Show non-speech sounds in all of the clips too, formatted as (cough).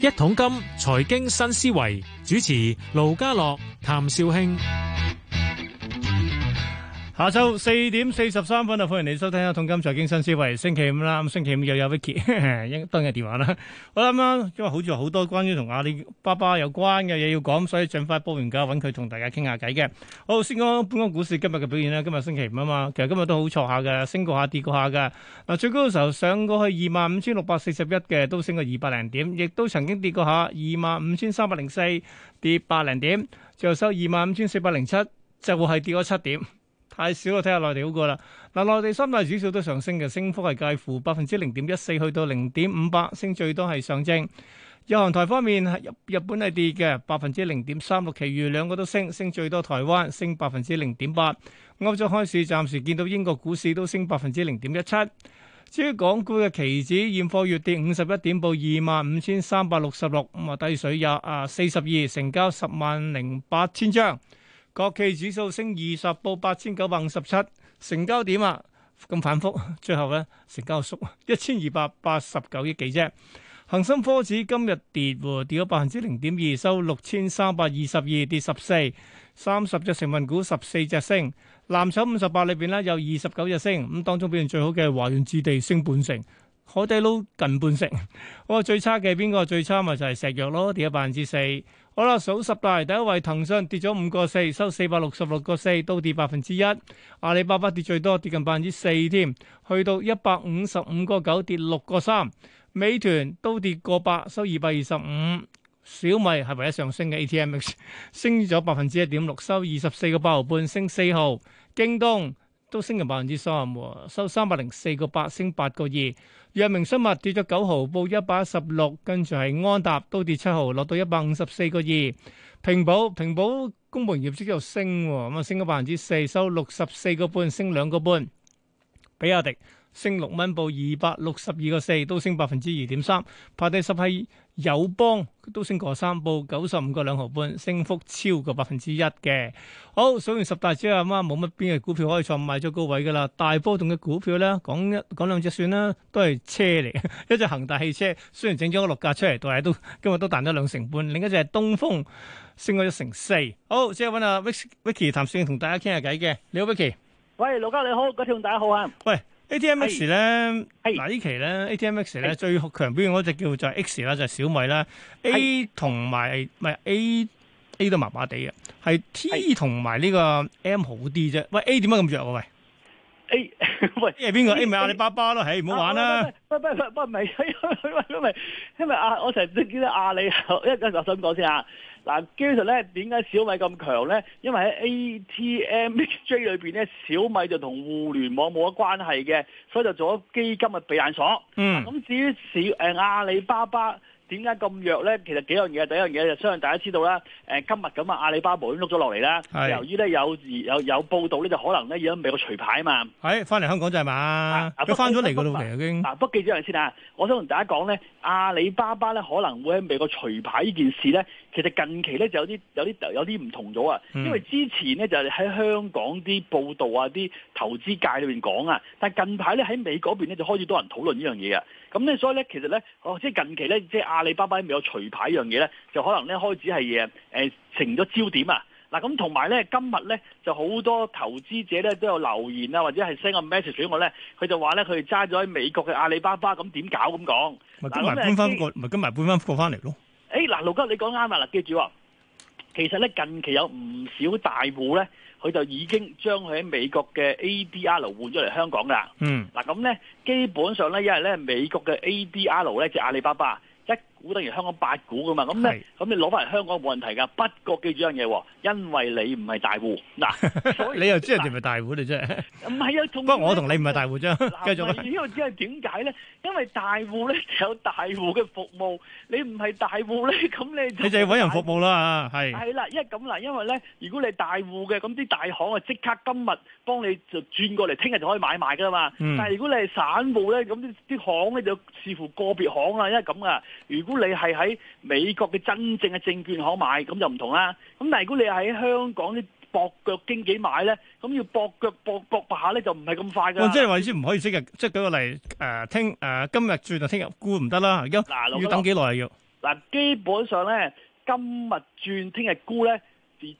一桶金財經新思維，主持盧家樂、譚紹興下晝四點四十三分啊！歡迎嚟收聽《阿通金財經新思維》星期五啦。咁星期五又有 Vicky 應當日電話啦。好啦，啱啱因為好似好多關於同阿里巴巴有關嘅嘢要講，所以盡快報完價，揾佢同大家傾下偈嘅。好，先講本港股市今日嘅表現啦。今日星期五啊嘛，其實今日都好錯下嘅，升過下跌過下嘅嗱。最高嘅時候上過去二萬五千六百四十一嘅，都升過二百零點，亦都曾經跌過下二萬五千三百零四，跌百零點，最後收二萬五千四百零七，就係跌咗七點。太少啦！睇下內地好過啦。嗱，內地三大指數都上升嘅，升幅係介乎百分之零點一四去到零點五八，升最多係上證。日韓台方面，日日本係跌嘅，百分之零點三六，其餘兩個都升，升最多台灣升百分之零點八。歐洲開市暫時見到英國股市都升百分之零點一七。至於港股嘅期指現貨月跌五十一點，報二萬五千三百六十六，咁啊低水廿啊四十二，成交十萬零八千張。國企指數升二十到八千九百五十七，成交點啊，咁反覆最後咧成交縮一千二百八十九億幾啫。恒生科指今日跌，跌咗百分之零點二，收六千三百二十二，跌十四，三十隻成分股十四隻升，藍籌五十八裏邊咧有二十九隻升，咁當中表現最好嘅係華潤置地升半成。海底撈近半成，我話最差嘅邊個？最差咪就係石藥咯，跌咗百分之四。好啦，數十大第一位騰訊跌咗五個四，收四百六十六個四，都跌百分之一。阿里巴巴跌最多，跌近百分之四添，去到一百五十五個九，跌六個三。美團都跌過百，收二百二十五。小米係唯一上升嘅 ATMX，升咗百分之一點六，收二十四個八毫半，升四毫。京東都升咗百分之三，收三百零四個八，升八個二。藥明生物跌咗九毫，報一百一十六，跟住係安踏都跌七毫，落到一百五十四個二。平保平保公盤業績又升，咁啊升咗百分之四，收六十四個半，升兩個半。比亞迪，升六蚊，報二百六十二個四，都升百分之二點三。排第十係友邦，都升過三，報九十五個兩毫半，升幅超過百分之一嘅。好，數完十大之後，阿啊，冇乜邊嘅股票可以再賣咗高位㗎喇。大波動嘅股票咧，講一講兩隻算啦，都係車嚟。 (laughs) 一隻恒大汽車雖然整咗個六價出嚟，但係都今日都彈咗兩成半。另一隻係東風，升咗一成四。好，即係搵阿 Vicky 譚紹興同大家傾下偈嘅。你好，Vicky。喂，羅家，你好，嗰條大家好啊。喂。A T M X 咧，嗱呢期咧 A T M X 咧是最強表現嗰隻叫做就係 X 啦，就係小米啦，A 同埋唔係 A A 都麻麻地嘅，係 T 同埋呢個 M 好啲啫。喂 A 點解咁弱啊？喂 A 喂係邊個？A 咪阿里巴巴咯，係唔好玩啦！喂喂喂，喂，唔係誰，喂、欸，因為因為因為啊，我成日都見到阿里，一、啊、陣我想講先啊。嗱，基本上咧，點解小米咁強咧？因為喺 ATMJ 裏面咧，小米就同互聯網冇乜關係嘅，所以就做咗基金嘅避難所。嗯，咁至於小、啊、阿里巴巴點解咁弱咧？其實幾樣嘢，第一樣嘢就相信大家知道啦、啊。今日咁啊，阿里巴巴都碌咗落嚟啦。是由於咧有有有報道咧，就可能咧要美國除牌啊嘛。係翻嚟香港就係嘛？佢翻咗嚟嘅都嚟已經。嗱、啊，不、啊、記咗樣先啊！我想同大家講咧，阿、啊、里巴巴咧可能會喺美國除牌呢件事咧。其實近期咧就有啲有啲有啲唔同咗啊，因為之前咧就係喺香港啲報道啊、啲投資界裏面講啊，但近排咧喺美國嗰邊咧就開始多人討論呢樣嘢啊。咁咧所以咧其實咧，哦即係近期咧，即係阿里巴巴未有除牌呢樣嘢咧，就可能咧開始係、呃、成咗焦點啊。嗱咁同埋咧，今日咧就好多投資者咧都有留言啊，或者係 send 個 message 俾我咧，佢就話咧佢揸咗喺美國嘅阿里巴巴咁點搞，咁講，咪、啊、跟埋搬翻個，咪那跟埋搬翻個翻嚟咯。誒，嗱、哎，盧哥，你講啱啦，嗱，記住啊，其實咧近期有唔少大戶咧，佢就已經將佢喺美國嘅 ADR 換咗嚟香港噶。嗯，嗱，咁咧基本上咧，因為咧美國嘅 ADR 咧就阿里巴巴股等於香港八股噶嘛，咁咧，咁你攞翻嚟香港冇問題噶，不過記住樣嘢，因為你唔係大戶，嗱，你又知人哋咪大戶你啫，唔係啊，不過我同你唔係大戶啫，繼續啦，因為點解咧？因為大戶咧有大戶嘅服務，你唔係大戶咧，咁你你就要揾人服務啦，係，係啦，因為咁啦，因為咧，如果你係大戶嘅，咁啲大行啊即刻今日幫你就轉過嚟，聽日就可以買賣噶啦嘛，但係如果你係散戶咧，咁啲啲行咧就視乎個別行啦，因為咁啊，如如果你係喺美國嘅真正嘅證券行買，咁就唔同啦。咁但係如果你係喺香港啲駁腳經紀買咧，咁要駁腳駁駁下咧，就唔係咁快噶。即係話意思唔可以即係，即係舉個例誒，聽誒，今日轉就聽日沽唔得啦，而家要等幾耐要？嗱，基本上咧，今日轉聽日沽咧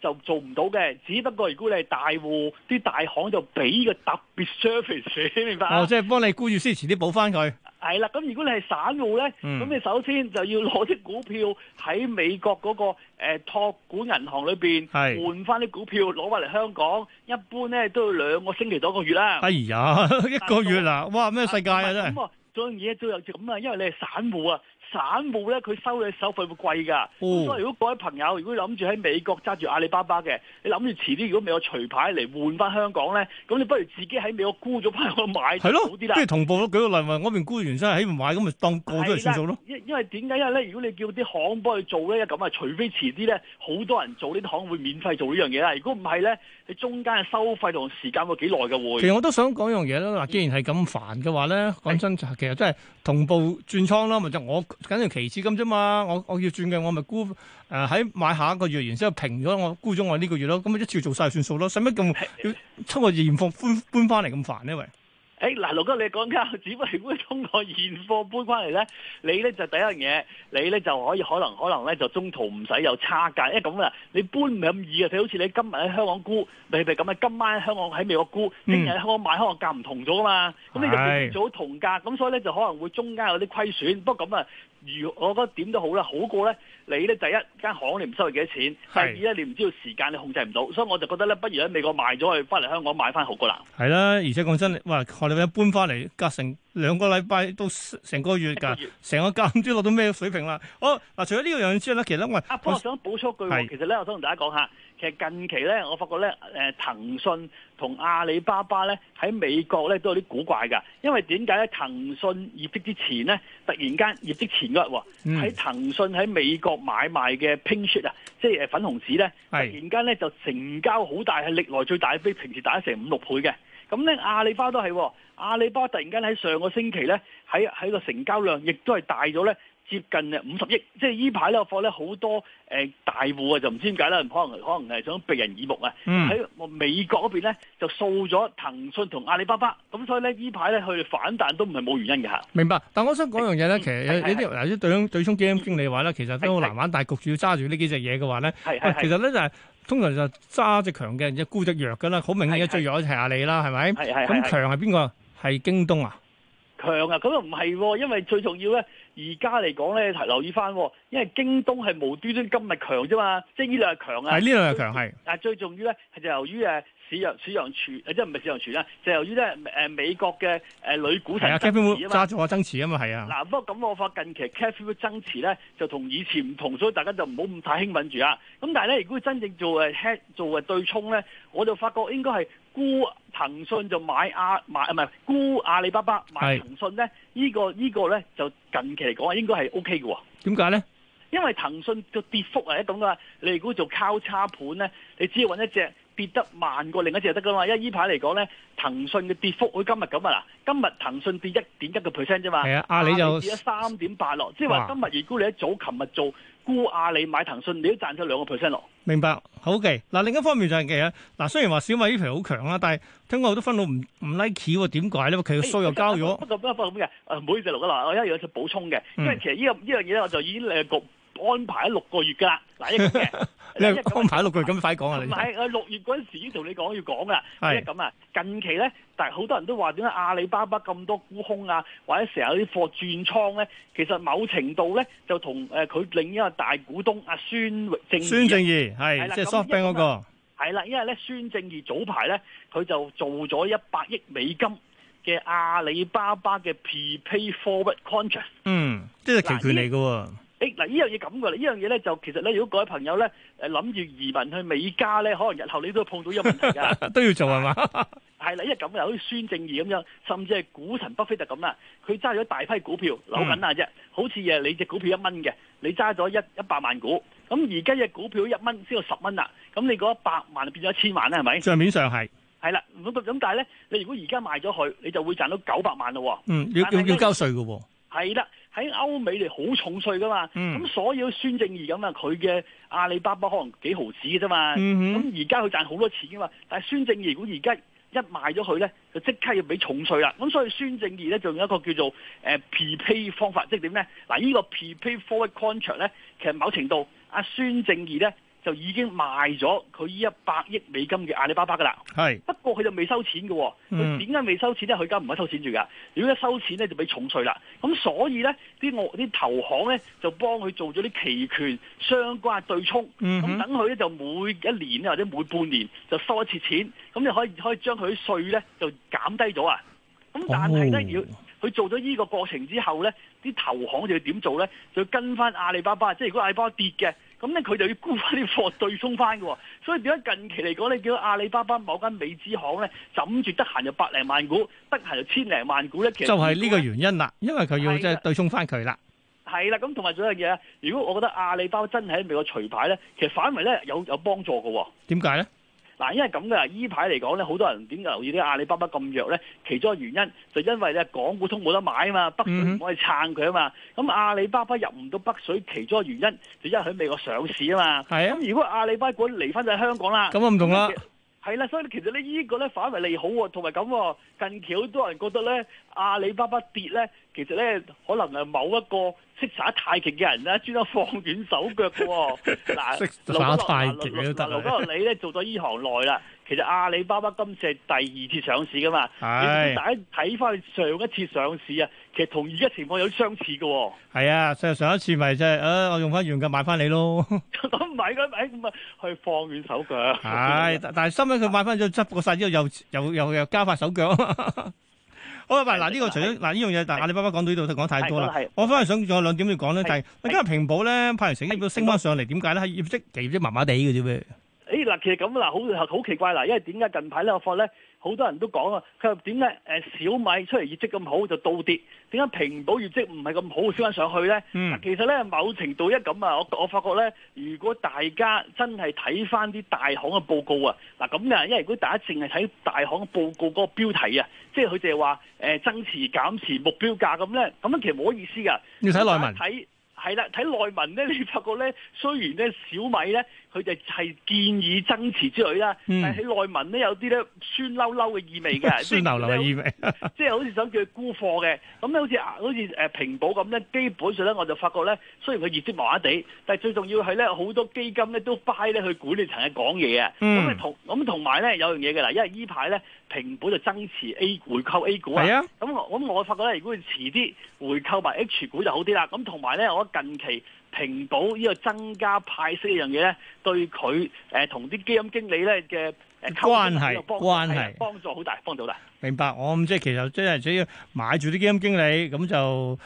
就做唔到嘅。只不過如果你係大戶，啲大行就俾個特別 service，明白啊？哦，即係幫你沽住先，遲啲補翻佢。係啦，咁如果你係散戶咧，咁、嗯、你首先就要攞啲股票喺美國嗰，那個誒託管銀行裏邊是換翻啲股票攞翻嚟香港，一般咧都要兩個星期多個月啦。哎呀，一個月啦，啊、哇咩世界啊，啊真係的！做樣嘢都有咁啊，因為你係散戶啊。散戶咧，佢收你手費會貴㗎。咁所以如果各位朋友如果諗住喺美國揸住阿里巴巴嘅，你諗住遲啲如果未有除牌嚟換翻香港咧，咁你不如自己喺美國沽咗批去買好，好啲即跟同步咯，舉個例話，我邊沽完先喺唔買，咁咪當個咗嚟算數咯。因因為點解？因為咧，如果你叫啲行幫佢做咧，咁啊，除非遲啲咧，好多人做呢啲行會免費做樣呢樣嘢啦。如果唔係咧，你中間嘅收費同時間會幾耐嘅㗎？其實我都想講一樣嘢啦。嗱，既然係咁煩嘅話咧，講真，其實真係同步轉倉啦，咪就我。緊要其次咁啫嘛，我我要轉嘅，我咪沽誒喺買下一個月，然之後平咗我沽咗我呢個月咯，咁咪一次做曬算數咯，使乜咁要通過現貨搬搬翻嚟咁煩咧？喂，誒嗱，陸哥你講緊，只不過係通過現貨搬翻嚟咧，你咧就第一樣嘢，你咧就可以可能可能咧就中途唔使有差價，因為咁啊，你搬唔係咁易嘅，譬如好似你今日喺香港沽咪咪咁啊，今晚香港喺美國沽，聽日香港買開個價唔同咗啊嘛，咁你就變咗同價，咁所以咧就可能會中間有啲虧損，不過咁啊。如我覺得點都好啦，好過咧，你咧第一間行你唔收佢幾多錢，第二咧你唔知道時間你控制唔到，所以我就覺得咧，不如喺美國賣咗佢，翻嚟香港買翻好過啦。係啦，而且講真，哇，我哋咁搬翻嚟，隔成兩個禮拜都成個月，㗎，成個價唔知落到咩水平啦。哦，嗱、啊，除咗呢個樣之外咧，其實呢喂我阿想補充一句，是其實咧我想同大家講下。其實近期咧，我發覺咧，誒騰訊同阿里巴巴咧喺美國咧都有啲古怪㗎。因為點解咧？騰訊業績之前咧，突然間業績前嗰日喎，喺、嗯、騰訊喺美國買賣嘅 Pink Sheet 啊，即係誒粉紅紙咧，突然間咧是就成交好大，係歷來最大，比平時大咗成五六倍嘅。咁咧，阿里巴都係阿里巴突然間喺上個星期咧，喺喺個成交量亦都係大咗咧，接近誒五十億。即係依排呢個貨咧，好多誒大戶啊，就唔知點解啦，可能可能係想避人耳目啊。喺、嗯、美國嗰邊咧，就掃咗騰訊同阿里巴巴。咁所以咧，依排咧佢哋反彈都唔係冇原因嘅嚇。明白。但我想講樣嘢咧，其實呢啲嗱啲對沖對沖基金經理話咧，其實都好難玩，大局。焗住要揸住呢幾隻嘢嘅話咧，其實咧就係、是。通常就揸隻強嘅，而家沽隻弱嘅啦。好明顯，而家最弱就係阿里啦，係咪是是？咁強係邊個？係京東啊。強啊！咁又唔係，因為最重要咧，而家嚟講咧，留意翻，因為京東係無端端今日強啫嘛，即係呢兩日強啊。係呢兩日強係。但最，是最重要咧，係就由於誒市場市場傳，即係唔係市場傳咧？就由於咧美國嘅女股神。啊 c a f e w 揸住我增持啊嘛係啊。嗱不過咁我發近期 c a f f e w 增持咧，就同以前唔同，所以大家就唔好咁太興奮住啊。咁但係咧，如果真正做誒 head 做誒對沖咧，我就發覺應該係沽騰訊就買亞買，唔係沽阿里巴巴買騰訊咧。呢個呢個咧就近期嚟講應該係 O K 嘅喎。點解咧？因為騰訊嘅跌幅係一等啦。你如果做交叉盤咧，你只要揾一隻。跌得慢過另一隻就得噶嘛，因為依排嚟講咧，騰訊嘅跌幅會今日咁啊，嗱，今日騰訊跌一點一個 percent 啫嘛。係啊，阿里就跌咗三點八咯，即係話今日如果你一早琴日做估阿里買騰訊，你都賺咗兩個 percent 咯。明白，好、OK、嘅。嗱，另一方面就係其實嗱，雖然話小米呢 a 好強啦，但係聽講好多分佬唔唔 like 喎，點解咧？佢個數又交咗、欸。不過不過咁嘅，唔好意思六啊嗱，我一樣就補充嘅，嗯、因為其實呢、這個呢樣嘢咧，這個、我就已經誒局安排咗六個月噶啦，嗱、這、呢個嘅。 (laughs) 你一排六個月咁快講啊？你唔係，我六月嗰陣時已經同你講要講噶。因為咁啊，近期咧，但係好多人都話點解阿里巴巴咁多沽空啊，或者成日有啲貨轉倉咧，其實某程度咧就同誒佢另一個大股東阿孫正孫正義係，即係 SoftBank 嗰個係啦。因為咧，孫正義早排咧，佢就做咗一百億美金嘅阿里巴巴嘅 prepaid forward contract。嗯，即係期權嚟噶。誒，嗱呢樣嘢咁噶啦，呢樣嘢咧就其實咧，如果各位朋友咧誒諗住移民去美加咧，可能日後你都會碰到一個問題噶， (laughs) 都要做係嘛？係啦， (laughs) 一咁啊，好似孫正義咁樣，甚至係股神巴菲特咁啦，佢揸咗大批股票扭緊啊啫，好似誒你隻股票一蚊嘅，你揸咗一一百萬股，咁而家嘅股票一蚊先到十蚊啦，咁你嗰一百萬就變咗一千萬啦，係咪？賬面上係係啦，咁但係咧，你如果而家賣咗佢，你就會賺到九百萬咯。嗯，要要要交稅噶、哦。係啦。喺歐美嚟好重稅噶嘛，咁、嗯、所以孫正義咁啊，佢嘅阿里巴巴可能幾毫子嘅啫嘛，咁而家佢賺好多錢嘅嘛，但係孫正義如果而家一賣咗佢咧，就即刻要俾重稅啦，咁所以孫正義咧仲有一個叫做誒 prepay、呃、方法，即係點咧？嗱，呢、呢個 prepay forward contract 咧，其實某程度阿、啊、孫正義咧。就已經賣咗佢呢一百億美金嘅阿里巴巴噶啦，係是不過佢就未收錢嘅，哦，佢點解未收錢咧？佢而家唔係收錢住噶，如果一收錢咧就俾重稅啦。咁所以咧，啲我啲投行咧就幫佢做咗啲期權相關對沖，咁、嗯、等佢咧就每一年或者每半年就收一次錢，咁就可以可以將佢啲稅咧就減低咗啊。咁但係咧，哦，如果佢做咗依個過程之後咧，啲投行就要點做咧？就要跟翻阿里巴巴，即係如果阿里巴巴跌嘅。咁咧佢就要沽翻啲貨對沖翻嘅。所以點解近期嚟講你見到阿里巴巴某間美資行咧，枕住得閒就百零萬股，得閒就千零萬股咧，其實就係呢個原因啦。因為佢要即係對沖翻佢啦。係啦，咁同埋仲有一樣嘢，如果我覺得阿里巴巴真係美國除牌咧，其實反為咧有有幫助嘅。點解咧？嗱，因為咁嘅，依排嚟講咧，好多人點解留意啲阿里巴巴咁弱咧？其中嘅原因就因為咧，港股通冇得買啊嘛，北水冇去撐佢啊嘛。咁、嗯、哼阿里巴巴入唔到北水，其中嘅原因就因為喺美國上市啊嘛。係啊，咁如果阿里巴巴離翻就係香港啦，咁啊唔同啦。係啦，所以其實這呢依個咧反為利好喎、啊，同埋咁喎，近期好多人覺得咧，阿里巴巴跌咧。其實咧，可能係，某一個識耍太極嘅人咧，專登放軟手腳嘅喎、哦。嗱 (laughs) 啦，識耍太極都得啦。嗱，你咧 (laughs) 做咗依行耐啦，其實阿里巴巴今次係第二次上市噶嘛。係的。大家睇翻你上一次上市啊，其實同而家情況有啲相似嘅、哦。係啊，上上一次咪即係，誒、呃，我用翻原價買翻你咯。咁唔係嘅，咪去放軟手腳。係的， (laughs) 但係心諗佢買翻咗，執過晒之後，又又又又加快手腳。 (laughs) 我話嗱，呢、哦，這個除咗嗱呢樣嘢，的但係阿里巴巴講到呢度講太多啦。的我反而想仲有兩點要講咧，就係的今日平保咧派完成之都升翻上嚟，點解咧？係業績幾之麻麻地嘅啫咩？誒嗱，其實咁嗱，好好奇怪嗱，因為點解近排呢，我發覺咧，好多人都講啊，佢話點解誒小米出嚟業績咁好就倒跌，點解蘋果業績唔係咁好，升翻上去咧？嗯、其實咧，某程度一咁啊，我我發覺咧，如果大家真係睇翻啲大行嘅報告啊，嗱咁嘅，因為如果大家淨係睇大行報告嗰個標題啊，即係佢哋係話誒增持、減持目標價咁咧，咁樣其實冇好意思噶。要睇內文，睇係啦，睇內文咧，你發覺咧，雖然咧小米咧。佢就係建議增持之類啦，喺、嗯、內文咧有啲咧酸溜溜嘅意味嘅，酸溜溜嘅意味，即係、就是就是、好似想叫佢沽貨嘅。咁咧 (laughs) 好似好似誒平保咁咧，基本上咧我就發覺咧，雖然佢業績麻麻地，但係最重要係咧，好多基金咧都 buy 咧去管理層係講嘢嘅。咁、嗯、同咁同埋咧有樣嘢嘅啦，因為依排咧平保就增持 A 股、回購 A 股啊。係啊，咁咁我發覺咧，如果佢遲啲回購埋 H 股就好啲啦。咁同埋咧，我近期。平保呢個增加派息呢樣嘢咧，對佢誒同啲基金經理咧嘅關係關係幫助好大，幫助好大。明白，我咁即係其實即係只要買住啲基金經理，咁就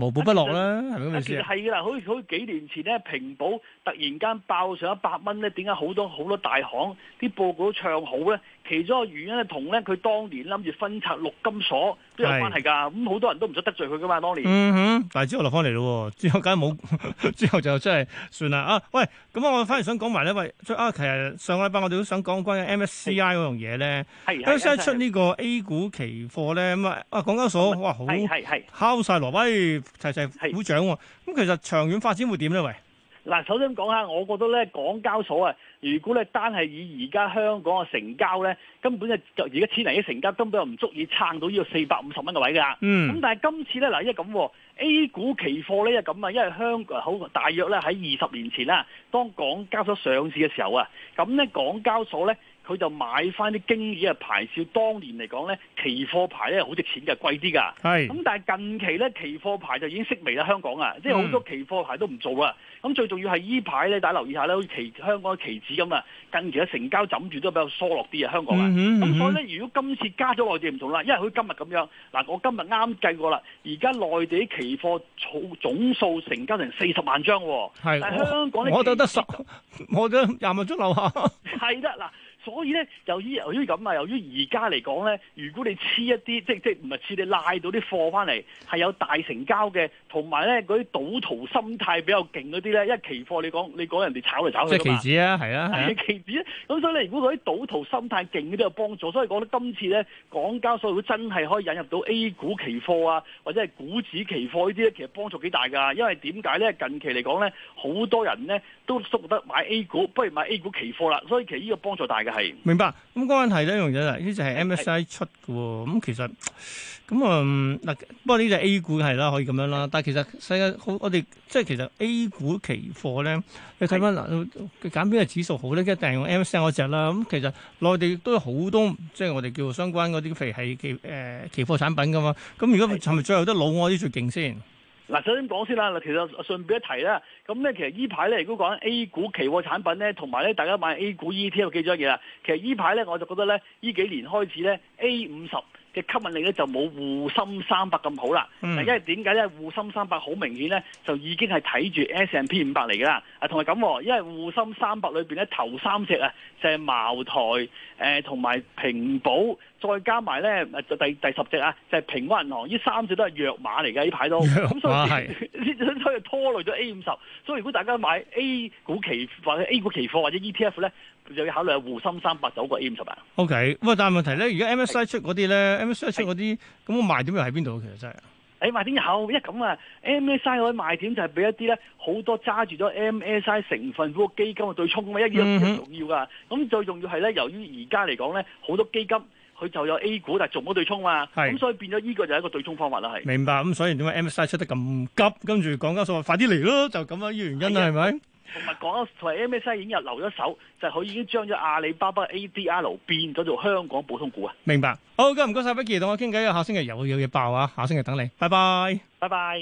無寶不落啦，係咪咁意思？係噶啦，好似好幾年前咧，平保。突然間爆上一百蚊咧，點解好多好多大行啲報告都唱好咧？其中一個原因咧，同咧佢當年諗住分拆陸金所都有關係㗎。咁好是多人都唔想得罪佢㗎嘛。當年，嗯哼，但係之後落翻嚟咯，之後梗係冇， (laughs) 之後就真係算啦。啊，喂，咁啊，我反而想講埋咧，喂，啊，其實上個禮拜我哋都想講關於 MSCI 嗰樣嘢是咧，咁先是是 出呢個 A 股期貨咧，咁啊，啊，港交所哇，好係係敲晒羅威齊齊鼓掌喎，啊。咁是其實長遠發展會點咧？喂？嗱，首先講下，我覺得咧，港交所啊，如果咧單係以而家香港嘅成交咧，根本就而家千零億成交，根本就唔足以撐到呢個四百五十蚊嘅位㗎。嗯。咁但係今次咧，嗱，啊，因為咁，A 股期貨咧，因為咁啊，因為香港好大約咧喺二十年前啦，當港交所上市嘅時候啊，咁咧港交所咧。佢就買翻啲經典嘅牌照，照當年嚟講咧，期貨牌咧好值錢嘅，貴啲㗎。咁是，但係近期咧期貨牌就已經式微啦，香港啊，嗯、即係好多期貨牌都唔做啦。咁最重要係呢排咧，大家留意下咧，好似期香港嘅期指咁啊，近期嘅成交枕住都比較疏落啲啊，香港。咁、嗯嗯、所以咧，如果今次加咗內地唔同啦，因為佢今日咁樣嗱，我今日啱啱計過啦，而家內地期貨總總數成交成四十萬張喎、啊。係是香港呢我，我得得十，就我就廿萬張樓下。係得嗱。啦所以咧，由於由於咁啊，由於而家嚟講咧，如果你黐一啲，即即唔係黐你拉到啲貨翻嚟，係有大成交嘅，同埋咧嗰啲賭徒心態比較勁嗰啲咧，因為期貨你講你講人哋炒嚟炒去。即期指啊，係啊，係期指。咁、啊、所以咧，如果嗰啲賭徒心態勁嗰啲有幫助，所以講咧今次咧，港交所真係可以引入到 A 股期貨啊，或者係股指期貨呢啲咧，其實幫助幾大㗎。因為點解咧？近期嚟講咧，好多人咧。都都得買 A 股不如買 A 股期貨啦，所以其實呢個幫助大嘅係。明白咁關係咧，楊生啊，呢隻係 MSCI 出嘅，咁是、嗯、其實咁啊嗱，不過呢隻 A 股係啦，可以咁樣啦。但係其實世界好，我哋即係其實 A 股期貨咧，你睇翻嗱，佢揀邊個指數好咧，一定係用 MSCI 嗰隻啦。咁其實內地都有好多，即係我哋叫相關嗰啲肥係期、呃、期貨產品噶嘛。咁如果係咪最後都老外啲最勁先？首先講先啦，其實順便一提啦，咁咧其實呢排咧，如果講緊 A 股期貨產品咧，同埋咧大家買 A 股 ETF 幾種嘢啦，其實呢排咧我就覺得咧，呢幾年開始咧 A 五十嘅吸引力咧就冇滬深三百咁好啦，因為點解咧？滬深三百好明顯咧，就已經係睇住 S&P 五百嚟㗎啦，啊，同埋咁喎，因為滬深三百裏邊咧頭三隻啊，就係茅台、誒同埋平保，再加埋咧第第十隻啊，就係平安銀行，呢三隻都係弱馬嚟㗎，呢排都，咁所以呢， (laughs) (laughs) 所以拖累咗 A 五十，所以如果大家買 A 股期或者 A 股期貨或者 ETF 咧。就要考慮下滬深三百走過 A 五十啊。OK，咁啊，但係問題咧，而家 MSCI 出嗰啲咧，MSCI 出嗰啲，咁個賣點又喺邊度咧？其實真係誒賣點，考一咁啊，MSCI 嗰啲賣點就係俾一啲咧好多揸住咗 MSCI 成分股嘅基金去對沖啊，呢樣好重要㗎。咁最重要係咧，由於而家嚟講咧，好多基金佢就有 A 股，但係做唔到對沖嘛，咁所以變咗呢個就係一個對沖方法啦，係。明白，咁所以點解 MSCI 出得咁急？跟住講緊數話，快啲嚟咯，就咁樣原因係咪？同埋講咗，同埋 m s c 影入留咗手，就係、係、佢已經將咗阿里巴巴 ADR 變咗做香港普通股啊！明白。好、oh,，咁唔該晒 Vicky，同我傾偈下星期又會有嘢爆啊！下星期等你，拜拜，拜拜。